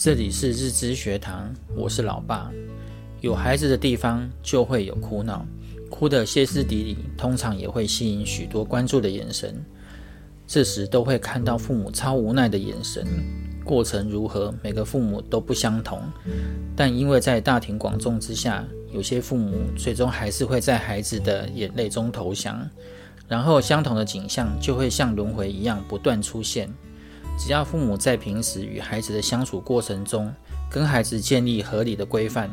這裡是日知學堂，我是老爸。有孩子的地方就會有哭鬧，哭得歇斯底里，通常也會吸引許多關注的眼神。這時都會看到父母超無奈的眼神。過程如何，每個父母都不相同，但因為在大庭廣眾之下，有些父母最終還是會在孩子的眼淚中投降，然後相同的景象就會像輪回一樣不斷出現。只要父母在平時與孩子的相處過程中，跟孩子建立合理的規範，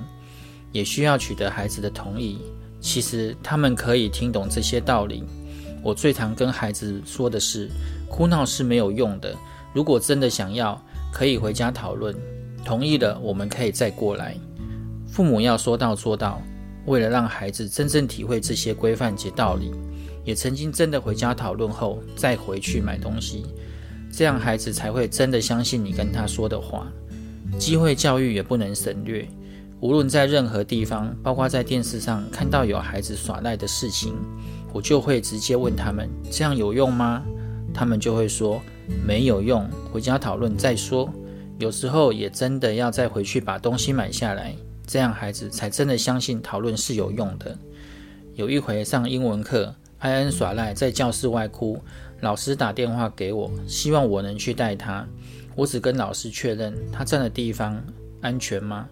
也需要取得孩子的同意。其實他們可以聽懂這些道理。我最常跟孩子說的是，哭鬧是沒有用的。如果真的想要，可以回家討論，同意了，我們可以再過來。父母要說到做到，為了讓孩子真正體會這些規範及道理，也曾經真的回家討論後再回去買東西。這樣孩子才會真的相信你跟他說的話。機會教育也不能省略，無論在任何地方，包括在電視上看到有孩子耍賴的事情，我就會直接問他們：這樣有用嗎？他們就會說沒有用，回家討論再說。有時候也真的要再回去把東西買下來，這樣孩子才真的相信討論是有用的。有一回上英文課，艾恩耍賴，在教室外哭。老師打電話給我，希望我能去帶他。我只跟老師確認，他站的地方安全嗎？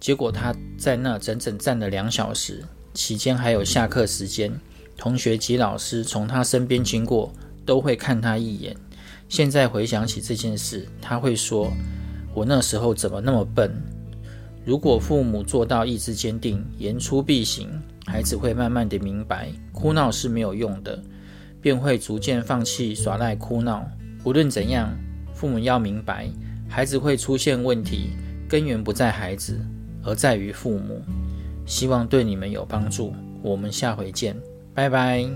結果他在那整整站了兩小時，期間還有下課時間，同學及老師從他身邊經過都會看他一眼。現在回想起這件事，他會說：“我那時候怎麼那麼笨？”如果父母做到意志堅定，言出必行。孩子會慢慢地明白，哭鬧是沒有用的，便會逐漸放棄耍賴哭鬧。無論怎樣，父母要明白，孩子會出現問題，根源不在孩子，而在於父母。希望對你們有幫助。我們下回見，拜拜。